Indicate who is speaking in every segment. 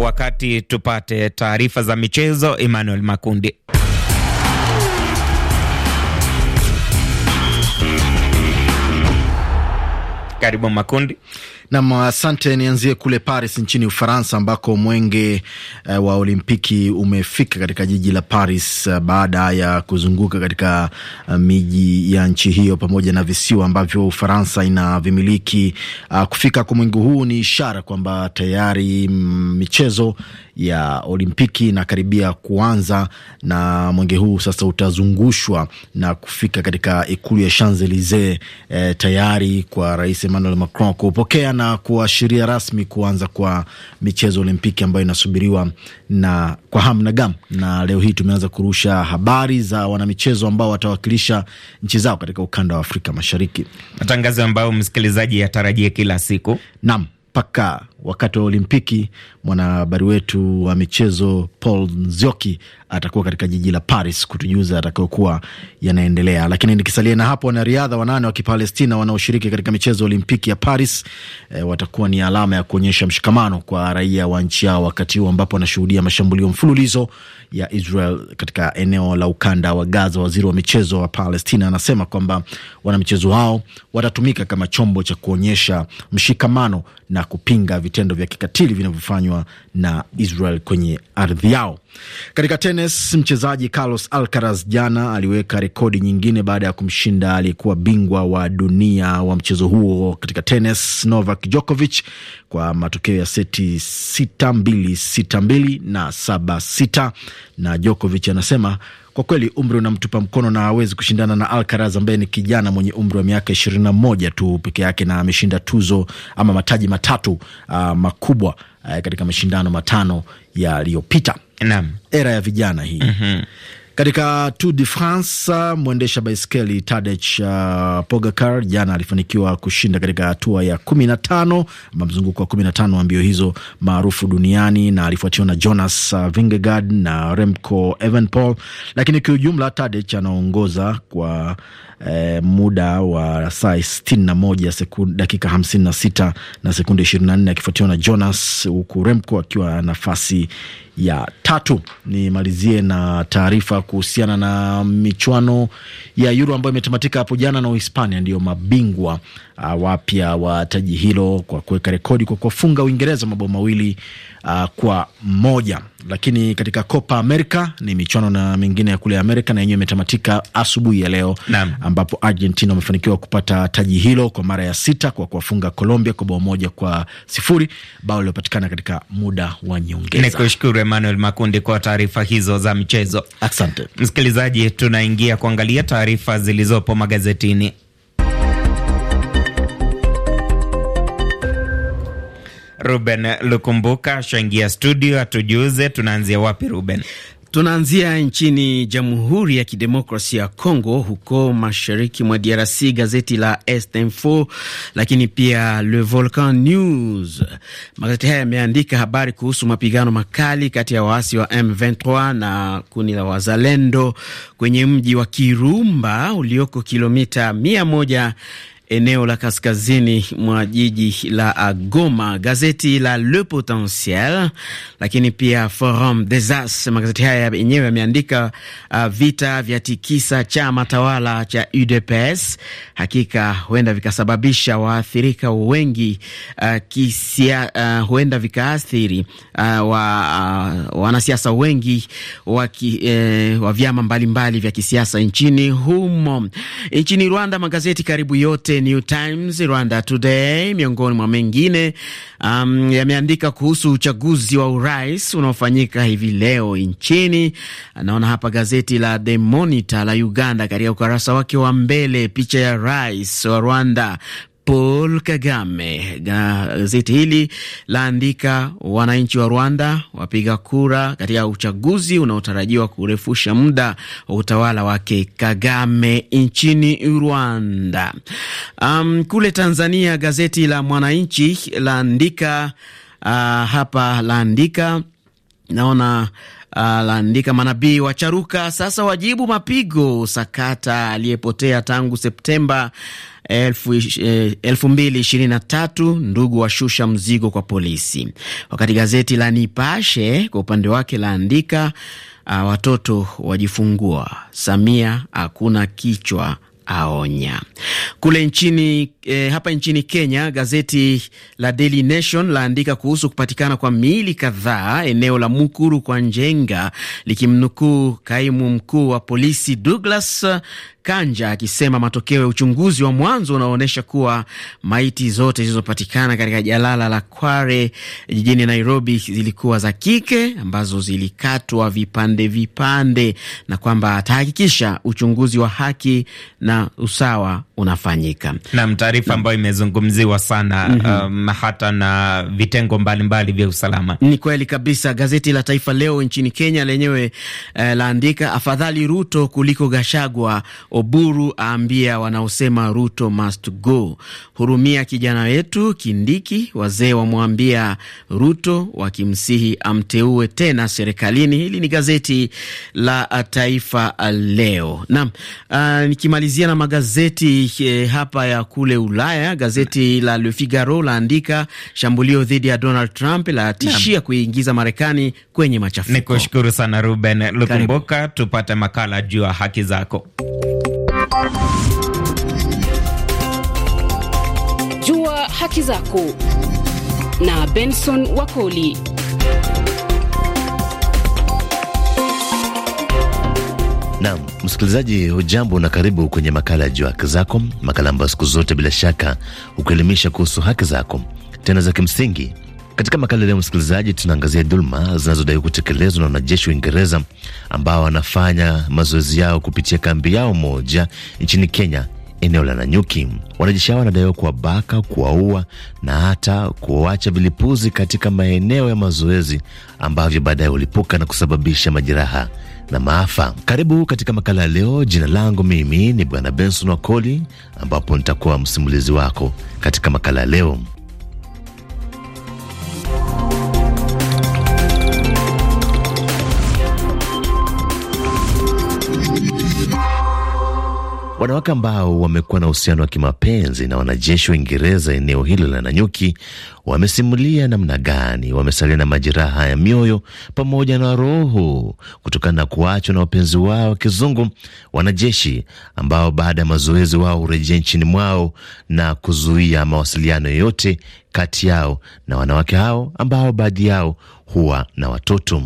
Speaker 1: wakati tupate taarifa za michezo. Emmanuel Makundi. Karibu Makundi.
Speaker 2: Nam, asante. Nianzie kule Paris nchini Ufaransa, ambako mwenge uh, wa Olimpiki umefika katika jiji la Paris eh, baada ya kuzunguka katika eh, miji ya nchi hiyo pamoja na visiwa ambavyo Ufaransa inavimiliki. Uh, kufika kwa mwenge huu ni ishara kwamba tayari mm, michezo ya Olimpiki inakaribia kuanza, na mwenge huu sasa utazungushwa na kufika katika ikulu ya Champs Elysees eh, tayari kwa Rais Emmanuel Macron kuupokea na kuashiria rasmi kuanza kwa michezo Olimpiki ambayo inasubiriwa na kwa hamu na gamu, na leo hii tumeanza kurusha habari za wanamichezo ambao watawakilisha nchi zao katika ukanda wa Afrika Mashariki, matangazo ambayo msikilizaji atarajie kila siku. Naam, mpaka wakati wa Olimpiki. Mwanahabari wetu wa michezo Paul Nzioki atakuwa katika jiji la Paris kutujuza atakayokuwa yanaendelea. Lakini nikisalia na hapo, wanariadha wanane wa Kipalestina wanaoshiriki katika michezo Olimpiki ya Paris e, watakuwa ni alama ya kuonyesha mshikamano kwa raia wa nchi yao wakati huu ambapo wanashuhudia mashambulio mfululizo ya Israel katika eneo la ukanda wa Gaza. Waziri wa michezo wa Palestina anasema kwamba wanamichezo hao watatumika kama chombo cha kuonyesha mshikamano na kupinga vitendo vya kikatili vinavyofanywa na Israel kwenye ardhi yao. Katika tenis, mchezaji Carlos Alcaraz jana aliweka rekodi nyingine baada ya kumshinda aliyekuwa bingwa wa dunia wa mchezo huo katika tenis Novak Djokovic kwa matokeo ya seti 6-2, 6-2 na 7-6, na Djokovic anasema kwa kweli umri unamtupa mkono na hawezi kushindana na Alcaraz ambaye ni kijana mwenye umri wa miaka ishirini na moja tu peke yake, na ameshinda tuzo ama mataji matatu uh, makubwa uh, katika mashindano matano yaliyopita. Naam, era ya vijana
Speaker 3: hii. mm -hmm.
Speaker 2: Katika Tour de France uh, mwendesha baiskeli Tadej uh, Pogacar jana alifanikiwa kushinda katika hatua ya kumi na tano ama mzunguko wa kumi na tano wa mbio hizo maarufu duniani na alifuatiwa na Jonas uh, Vingegaard na Remco Evenepoel, lakini kiujumla Tadej anaongoza kwa Eh, muda wa saa sitini na moja sekunde, dakika hamsini na sita na sekunde ishirini na nne akifuatiwa na Jonas, huku Remco akiwa nafasi ya tatu. Nimalizie na taarifa kuhusiana na michuano ya Euro ambayo imetamatika hapo jana, na Uhispania ndiyo mabingwa uh, wapya wa taji hilo kwa kuweka rekodi kwa kuwafunga Uingereza mabao mawili uh, kwa moja. Lakini katika Copa America ni michuano na mingine ya kule Amerika na yenyewe imetamatika asubuhi ya leo na ambapo Argentina wamefanikiwa kupata taji hilo kwa mara ya sita kwa kuwafunga Colombia kwa bao moja kwa sifuri, bao liliopatikana katika muda wa nyongeza. Ni kushukuru
Speaker 1: Emmanuel Makundi kwa taarifa hizo za michezo. Asante msikilizaji, tunaingia kuangalia taarifa zilizopo magazetini. Ruben Lukumbuka shaingia studio, atujuze tunaanzia wapi Ruben? Tunaanzia nchini Jamhuri ya Kidemokrasia ya Kongo, huko mashariki mwa DRC.
Speaker 4: Gazeti la Est Info lakini pia Le Volcan News, magazeti haya yameandika habari kuhusu mapigano makali kati ya waasi wa M23 na kundi la Wazalendo kwenye mji wa Kirumba ulioko kilomita mia moja eneo la kaskazini mwa jiji la Goma. Gazeti la Le Potentiel, lakini pia Forum des As, magazeti haya yenyewe yameandika uh, vita vya tikisa chama tawala cha UDPS, hakika huenda vikasababisha waathirika wengi uh, kisia, uh, huenda vikaathiri uh, wa, uh, wanasiasa wengi wa, ki, uh, wa vyama mbalimbali vya kisiasa nchini humo. Nchini Rwanda magazeti karibu yote New Times, Rwanda Today miongoni mwa mengine um, yameandika kuhusu uchaguzi wa urais unaofanyika hivi leo nchini. Naona hapa gazeti la The Monitor la Uganda katika ukurasa wake wa mbele picha ya rais wa Rwanda Paul Kagame. Gazeti hili laandika wananchi wa Rwanda wapiga kura katika uchaguzi unaotarajiwa kurefusha muda wa utawala wake Kagame nchini Rwanda. Um, kule Tanzania gazeti la Mwananchi laandika uh, hapa laandika naona Uh, laandika manabii wacharuka sasa wajibu mapigo sakata aliyepotea tangu Septemba 2023 eh, ndugu washusha mzigo kwa polisi, wakati gazeti la Nipashe kwa upande wake laandika uh, watoto wajifungua, Samia hakuna kichwa aonya kule nchini e, hapa nchini Kenya gazeti la Daily Nation laandika kuhusu kupatikana kwa miili kadhaa eneo la Mukuru kwa Njenga likimnukuu kaimu mkuu wa polisi Douglas Kanja akisema matokeo ya uchunguzi wa mwanzo unaonyesha kuwa maiti zote zilizopatikana katika jalala la Kware jijini Nairobi zilikuwa za kike ambazo zilikatwa vipande vipande, na kwamba atahakikisha uchunguzi wa haki na usawa
Speaker 1: unafanyika. Nam taarifa ambayo imezungumziwa sana mm -hmm. um, hata na vitengo mbalimbali vya usalama.
Speaker 4: Ni kweli kabisa. Gazeti la Taifa Leo nchini Kenya lenyewe eh, laandika afadhali Ruto kuliko Gashagwa, Oburu aambia wanaosema Ruto must go. Hurumia kijana wetu Kindiki, wazee wamwambia Ruto wakimsihi amteue tena serikalini. Hili ni gazeti la Taifa Leo. Nam uh, ah, nikimalizia na magazeti e, hapa ya kule Ulaya, gazeti la Le Figaro laandika shambulio dhidi ya
Speaker 1: Donald Trump latishia kuingiza Marekani kwenye machafuko. Ni kushukuru sana Ruben Lukumbuka, tupate makala juu ya haki zako.
Speaker 4: Jua haki zako na Benson Wakoli.
Speaker 5: nam msikilizaji, hujambo na karibu kwenye makala ya juu Haki Zako, makala ambayo siku zote bila shaka hukuelimisha kuhusu haki zako tena za kimsingi. Katika makala leo, msikilizaji, tunaangazia dhuluma zinazodaiwa kutekelezwa na wanajeshi wa Uingereza ambao wanafanya mazoezi yao kupitia kambi yao moja nchini Kenya, eneo la Nanyuki. Wanajeshi hao wanadaiwa kuwabaka, kuwaua na hata kuwawacha vilipuzi katika maeneo ya mazoezi ambavyo baadaye hulipuka na kusababisha majeraha na maafa. Karibu katika makala ya leo. Jina langu mimi ni Bwana Benson Wakoli, ambapo nitakuwa msimulizi wako katika makala ya leo. Wanawake ambao wamekuwa na uhusiano wa kimapenzi na wanajeshi wa Uingereza eneo hilo la Nanyuki wamesimulia namna gani wamesalia na majeraha ya mioyo pamoja na roho kutokana na kuachwa na wapenzi wao wa kizungu, wanajeshi ambao baada ya mazoezi wao hurejea nchini mwao na kuzuia mawasiliano yoyote kati yao na wanawake hao ambao baadhi yao huwa na watoto.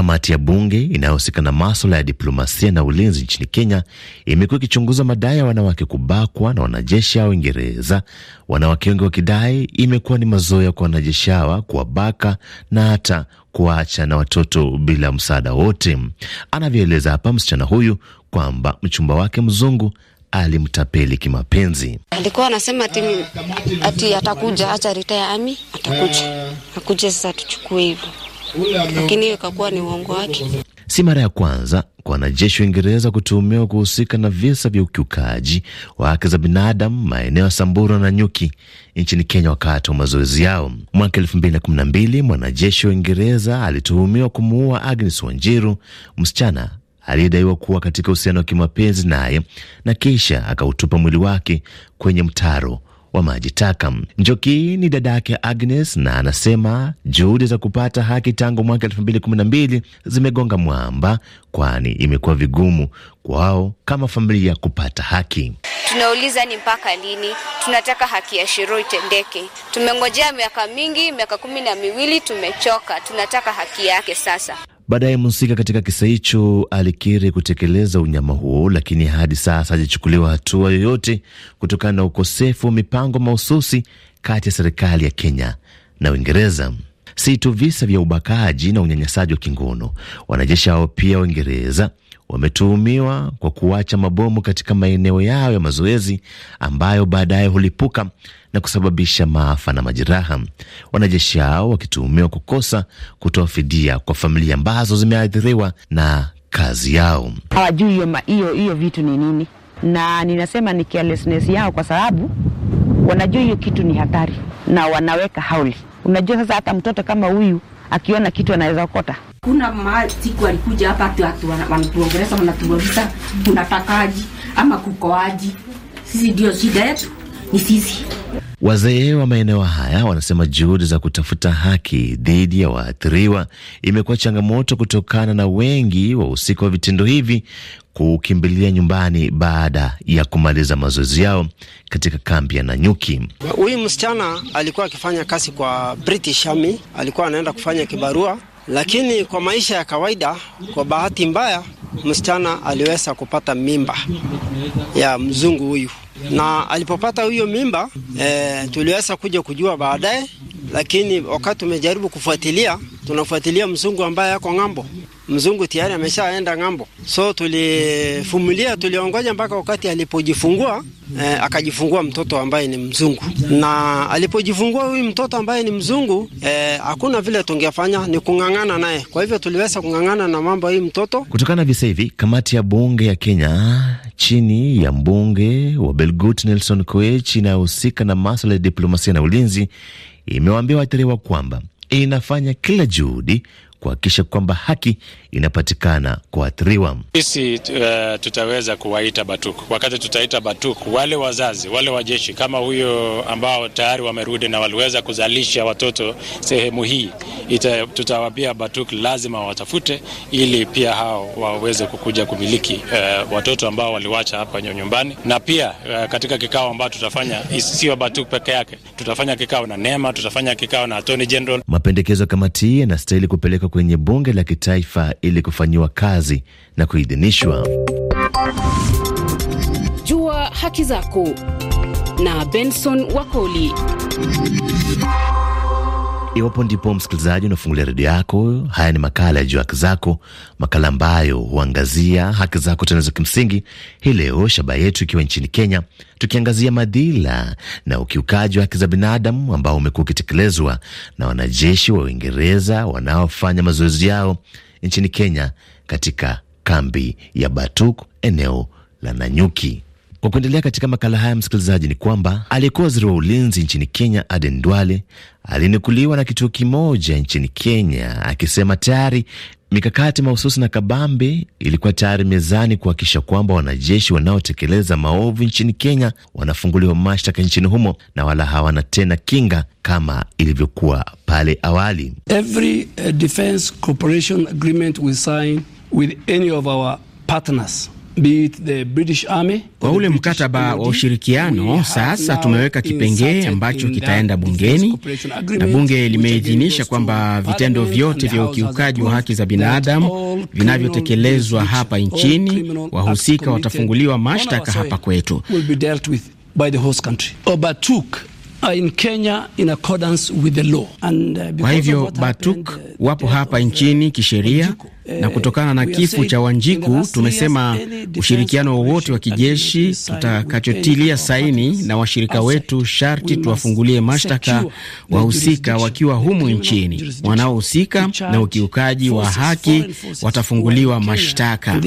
Speaker 5: Kamati ya bunge inayohusika na maswala ya diplomasia na ulinzi nchini Kenya imekuwa ikichunguza madai ya wanawake kubakwa na wanajeshi hawa Uingereza, wanawake wengi wakidai imekuwa ni mazoea kwa wanajeshi hawa kuwabaka na hata kuacha na watoto bila msaada wote, anavyoeleza hapa msichana huyu kwamba mchumba wake mzungu alimtapeli kimapenzi.
Speaker 4: Alikuwa anasema ati, ati atakuja, acha ritaya ami
Speaker 5: atakuja,
Speaker 4: akuja sasa tuchukue hivyo lakini hiyo ikakuwa ni uongo wake.
Speaker 5: Si mara ya kwanza kwa wanajeshi wa Uingereza kutuhumiwa kuhusika na visa vya ukiukaji wa haki za binadamu maeneo ya Samburu na Nyuki nchini Kenya wakati wa mazoezi yao. Mwaka elfu mbili na kumi na mbili mwanajeshi wa Uingereza alituhumiwa kumuua Agnes Wanjiru, msichana aliyedaiwa kuwa katika uhusiano wa kimapenzi naye, na kisha akautupa mwili wake kwenye mtaro wa maji taka. Njoki ni dada yake Agnes na anasema juhudi za kupata haki tangu mwaka elfu mbili kumi na mbili zimegonga mwamba, kwani imekuwa vigumu kwao kama familia kupata haki.
Speaker 4: Tunauliza, ni mpaka lini? Tunataka haki ya Shiro itendeke. Tumengojea miaka mingi, miaka kumi na miwili, tumechoka. Tunataka haki yake sasa.
Speaker 5: Baadaye mhusika katika kisa hicho alikiri kutekeleza unyama huo, lakini hadi sasa hajachukuliwa hatua yoyote kutokana na ukosefu wa mipango mahususi kati ya serikali ya Kenya na Uingereza. Si tu visa vya ubakaji na unyanyasaji wa kingono, wanajeshi hao pia Waingereza wametuhumiwa kwa kuacha mabomu katika maeneo yao ya mazoezi ambayo baadaye hulipuka na kusababisha maafa na majeraha. Wanajeshi hao wakituhumiwa kukosa kutoa fidia kwa familia ambazo zimeathiriwa na kazi yao.
Speaker 4: Hawajui hiyo hiyo vitu ni nini, na ninasema ni carelessness yao, kwa sababu wanajua hiyo kitu ni hatari na wanaweka hauli. Unajua sasa, hata mtoto kama huyu akiona kitu anaweza okota kuna mahali siku alikuja hapa atu wanatuongeleza wanatuuliza tunatakaji ama kukoaji. Sisi ndio
Speaker 5: shida yetu ni sisi. Wazee wa maeneo haya wanasema juhudi za kutafuta haki dhidi ya waathiriwa imekuwa changamoto kutokana na wengi wahusika wa vitendo hivi kukimbilia nyumbani baada ya kumaliza mazoezi yao katika kambi ya Nanyuki.
Speaker 2: Huyu msichana alikuwa akifanya kazi kwa British Army, alikuwa anaenda kufanya kibarua lakini kwa maisha ya kawaida, kwa bahati mbaya, msichana aliweza kupata mimba ya mzungu huyu, na alipopata huyo mimba e, tuliweza kuja kujua baadaye, lakini wakati tumejaribu kufuatilia tunafuatilia mzungu ambaye ako ng'ambo. Mzungu tayari ameshaenda ng'ambo, so tulifumilia, tuliongoja mpaka wakati alipojifungua. Eh, akajifungua mtoto ambaye ni mzungu, na alipojifungua huyu mtoto ambaye ni mzungu eh, hakuna vile tungefanya, ni kung'ang'ana naye. Kwa hivyo tuliweza kung'ang'ana na mambo hii mtoto. Kutokana
Speaker 5: visa hivi, kamati ya bunge ya Kenya chini ya mbunge wa Belgut Nelson Koech inayohusika na maswala ya diplomasia na ulinzi imewaambia waathiriwa kwamba inafanya kila juhudi kuhakikisha kwamba haki inapatikana kwa athiriwa.
Speaker 6: Sisi uh, tutaweza kuwaita BATUKU. Wakati tutaita BATUKU, wale wazazi wale wajeshi kama huyo ambao tayari wamerudi na waliweza kuzalisha watoto sehemu hii ita, tutawapia BATUK lazima watafute ili pia hao waweze kukuja kumiliki uh, watoto ambao waliwacha hapa nyumbani, na pia uh, katika kikao ambao tutafanya sio BATUK peke yake, tutafanya kikao na NEMA, tutafanya kikao na atoni General.
Speaker 5: Mapendekezo ya kamati hii yanastahili kupelekwa kwenye bunge la kitaifa ili kufanyiwa kazi na kuidhinishwa.
Speaker 4: Jua haki zako na Benson Wakoli.
Speaker 5: Iwapo ndipo msikilizaji unafungulia redio yako, haya ni makala ya Jua Haki Zako, makala ambayo huangazia haki zako tena za kimsingi. Hii leo shabaha yetu ikiwa nchini Kenya, tukiangazia madhila na ukiukaji wa haki za binadamu ambao umekuwa ukitekelezwa na wanajeshi wa Uingereza wanaofanya mazoezi yao nchini Kenya katika kambi ya Batuk, eneo la Nanyuki. Kwa kuendelea katika makala haya, msikilizaji, ni kwamba aliyekuwa waziri wa ulinzi nchini Kenya Aden Duale alinukuliwa na kituo kimoja nchini Kenya akisema tayari mikakati mahususi na kabambe ilikuwa tayari mezani kuhakikisha kwamba wanajeshi wanaotekeleza maovu nchini Kenya wanafunguliwa mashtaka nchini humo na wala hawana tena kinga kama ilivyokuwa pale awali.
Speaker 4: Every eh, defense cooperation agreement we sign with any of
Speaker 3: our partners
Speaker 4: kwa ule mkataba wa ushirikiano sasa tumeweka kipengee ambacho kitaenda bungeni na bunge limeidhinisha kwamba vitendo vyote vya ukiukaji wa haki za binadamu vinavyotekelezwa hapa nchini, wahusika watafunguliwa mashtaka hapa kwetu. Uh, in Kenya, in accordance with the law. And, uh, kwa hivyo Batuk uh, wapo hapa uh, nchini kisheria na kutokana na kifo cha Wanjiku tumesema ushirikiano wowote wa kijeshi tutakachotilia saini na washirika wetu sharti tuwafungulie mashtaka wahusika wakiwa humu
Speaker 5: nchini. Wanaohusika na ukiukaji wa haki watafunguliwa mashtaka.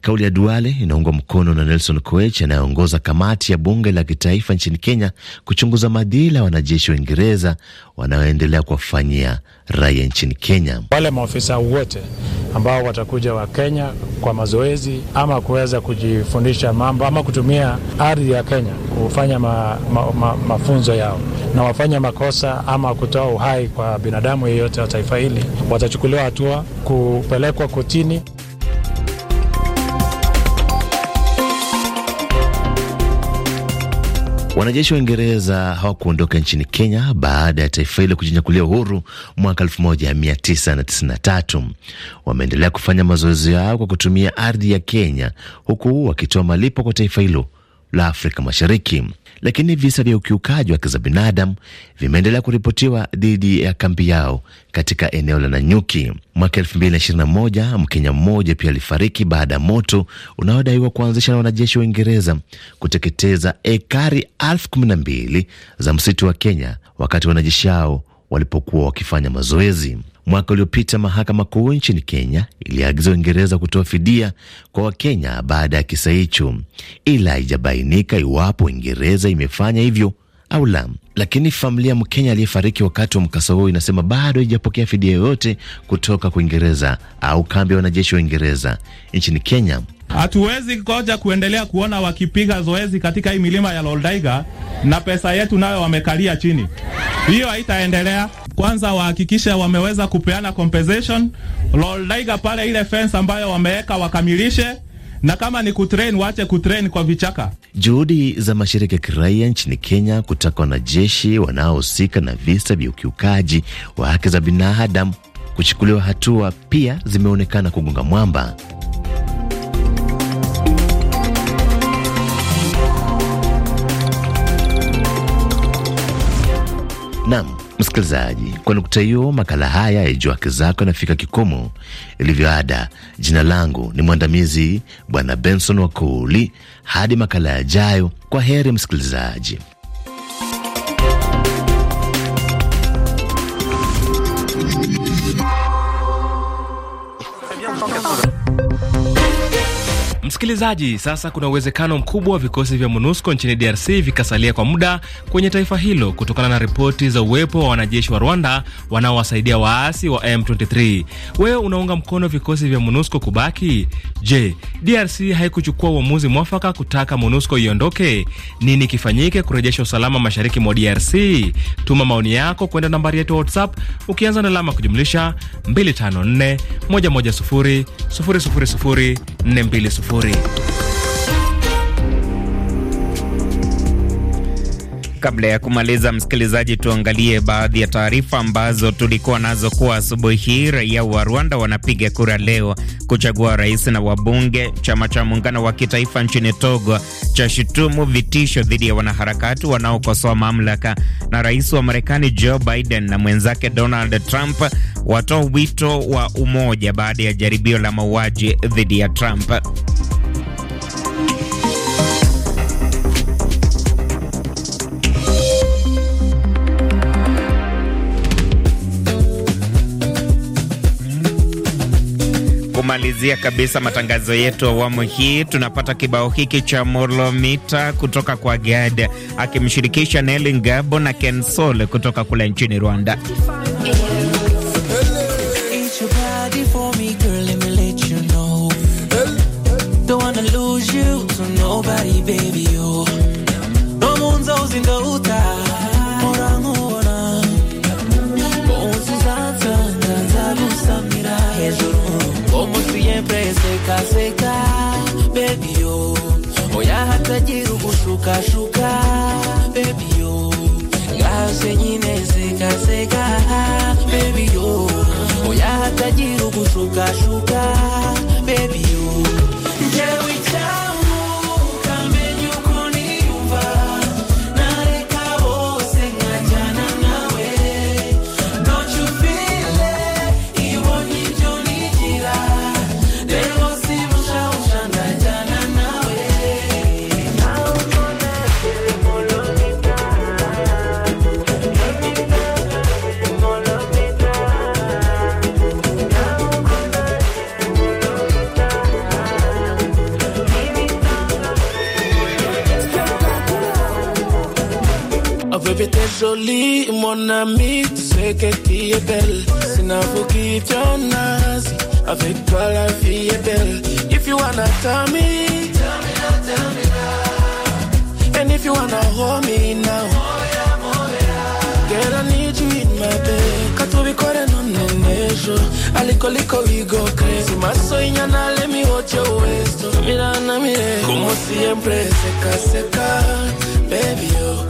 Speaker 5: Kauli ya Duale inaungwa mkono na Nelson Koech anayeongoza kamati ya bunge la kitaifa nchini Kenya kuchunguza madhila ya wanajeshi wa Uingereza wanaoendelea kuwafanyia raia nchini Kenya.
Speaker 6: Wale maofisa wote ambao watakuja wa Kenya kwa mazoezi ama kuweza kujifundisha mambo ama kutumia ardhi ya Kenya kufanya ma, ma, ma, mafunzo yao na wafanya makosa ama kutoa uhai kwa binadamu yeyote wa taifa hili, watachukuliwa hatua kupelekwa kotini.
Speaker 5: Wanajeshi wa Uingereza hawakuondoka nchini Kenya baada ya taifa hilo kujinyakulia uhuru mwaka 1993. Wameendelea kufanya mazoezi yao kwa kutumia ardhi ya Kenya, huku wakitoa malipo kwa taifa hilo la Afrika Mashariki lakini visa vya ukiukaji wa haki za binadamu vimeendelea kuripotiwa dhidi ya kambi yao katika eneo la Nanyuki. Mwaka moja Mkenya mmoja pia alifariki baada ya moto unaodaiwa kuanzisha na wanajeshi wa Uingereza kuteketeza ekari elfu kumi na mbili za msitu wa Kenya wakati wanajeshi hao walipokuwa wakifanya mazoezi. Mwaka uliopita mahakama kuu nchini Kenya iliagiza Uingereza kutoa fidia kwa Wakenya baada ya kisa hicho, ila haijabainika iwapo Uingereza imefanya hivyo au la. Lakini familia Mkenya aliyefariki wakati wa mkasa huo inasema bado haijapokea fidia yoyote kutoka Kuingereza au kambi ya wanajeshi wa Uingereza nchini Kenya.
Speaker 6: Hatuwezi koja kuendelea kuona wakipiga zoezi katika hii milima ya Loldaiga na pesa yetu nayo wamekalia chini. Hiyo haitaendelea. Kwanza wahakikishe wameweza kupeana compensation Loldaiga, pale ile fence ambayo wameweka wakamilishe na kama ni kutrain waache kutrain kwa vichaka.
Speaker 5: Juhudi za mashirika ya kiraia nchini Kenya kutaka wanajeshi wanaohusika na visa vya ukiukaji wa haki za binadamu kuchukuliwa hatua pia zimeonekana kugonga mwamba. Naam. Msikilizaji, kwa nukta hiyo, makala haya ya Jua Haki Zako yanafika kikomo. Ilivyoada, jina langu ni mwandamizi Bwana Benson Wakuli. Hadi makala yajayo, kwa heri msikilizaji.
Speaker 1: Msikilizaji, sasa kuna uwezekano mkubwa wa vikosi vya MONUSCO nchini DRC vikasalia kwa muda kwenye taifa hilo kutokana na ripoti za uwepo wa wanajeshi wa Rwanda wanaowasaidia waasi wa M23. Wewe unaunga mkono vikosi vya MONUSCO kubaki? Je, DRC haikuchukua uamuzi mwafaka kutaka MONUSCO iondoke? Nini kifanyike kurejesha usalama mashariki mwa DRC? Tuma maoni yako kwenda nambari yetu WhatsApp ukianza na alama kujumlisha 254 110 000 420 Misri. Kabla ya kumaliza, msikilizaji, tuangalie baadhi ya taarifa ambazo tulikuwa nazo kuwa asubuhi hii. Raia wa Rwanda wanapiga kura leo kuchagua rais na wabunge. Chama cha muungano wa kitaifa nchini Togo cha shutumu vitisho dhidi ya wanaharakati wanaokosoa mamlaka, na rais wa Marekani Joe Biden na mwenzake Donald Trump watoa wito wa umoja baada ya jaribio la mauaji dhidi ya Trump. kumalizia kabisa matangazo yetu awamu hii, tunapata kibao hiki cha Molomita kutoka kwa Gad akimshirikisha Neli Ngabo na ken Kensole kutoka kule nchini Rwanda.
Speaker 3: Hello. kuzeeka baby oh. yo, oya hatajiri kushukashuka Jolie, mon ami, tu sais que tu es belle. C'est n'importe qui, ton nazi. Avec toi, la vie est belle. If you wanna tell me, tell me now, tell me now. And if you wanna hold me now, moya, moya. girl, I need you in my bed. Katubi kore no nenejo, aliko liko we go crazy. Maso inyana let me hold your waist. Mira na mire, como siempre, seca seca, baby oh.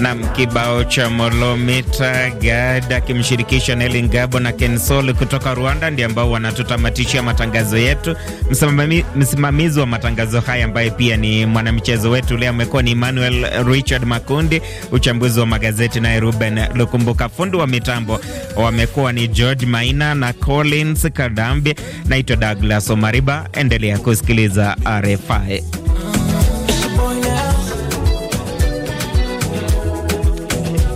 Speaker 1: Nam kibao cha Molomita Gad akimshirikisha Nelly Ngabo na Kensol kutoka Rwanda ndio ambao wanatutamatishia matangazo yetu. msimamizi wa matangazo haya ambaye pia ni mwanamchezo wetu leo amekuwa ni Emmanuel Richard Makundi. Uchambuzi wa magazeti naye Ruben Lukumbuka. Fundi wa mitambo wamekuwa ni George Maina na Collins Kadambi. Naitwa Douglas Omariba, endelea kusikiliza RFI.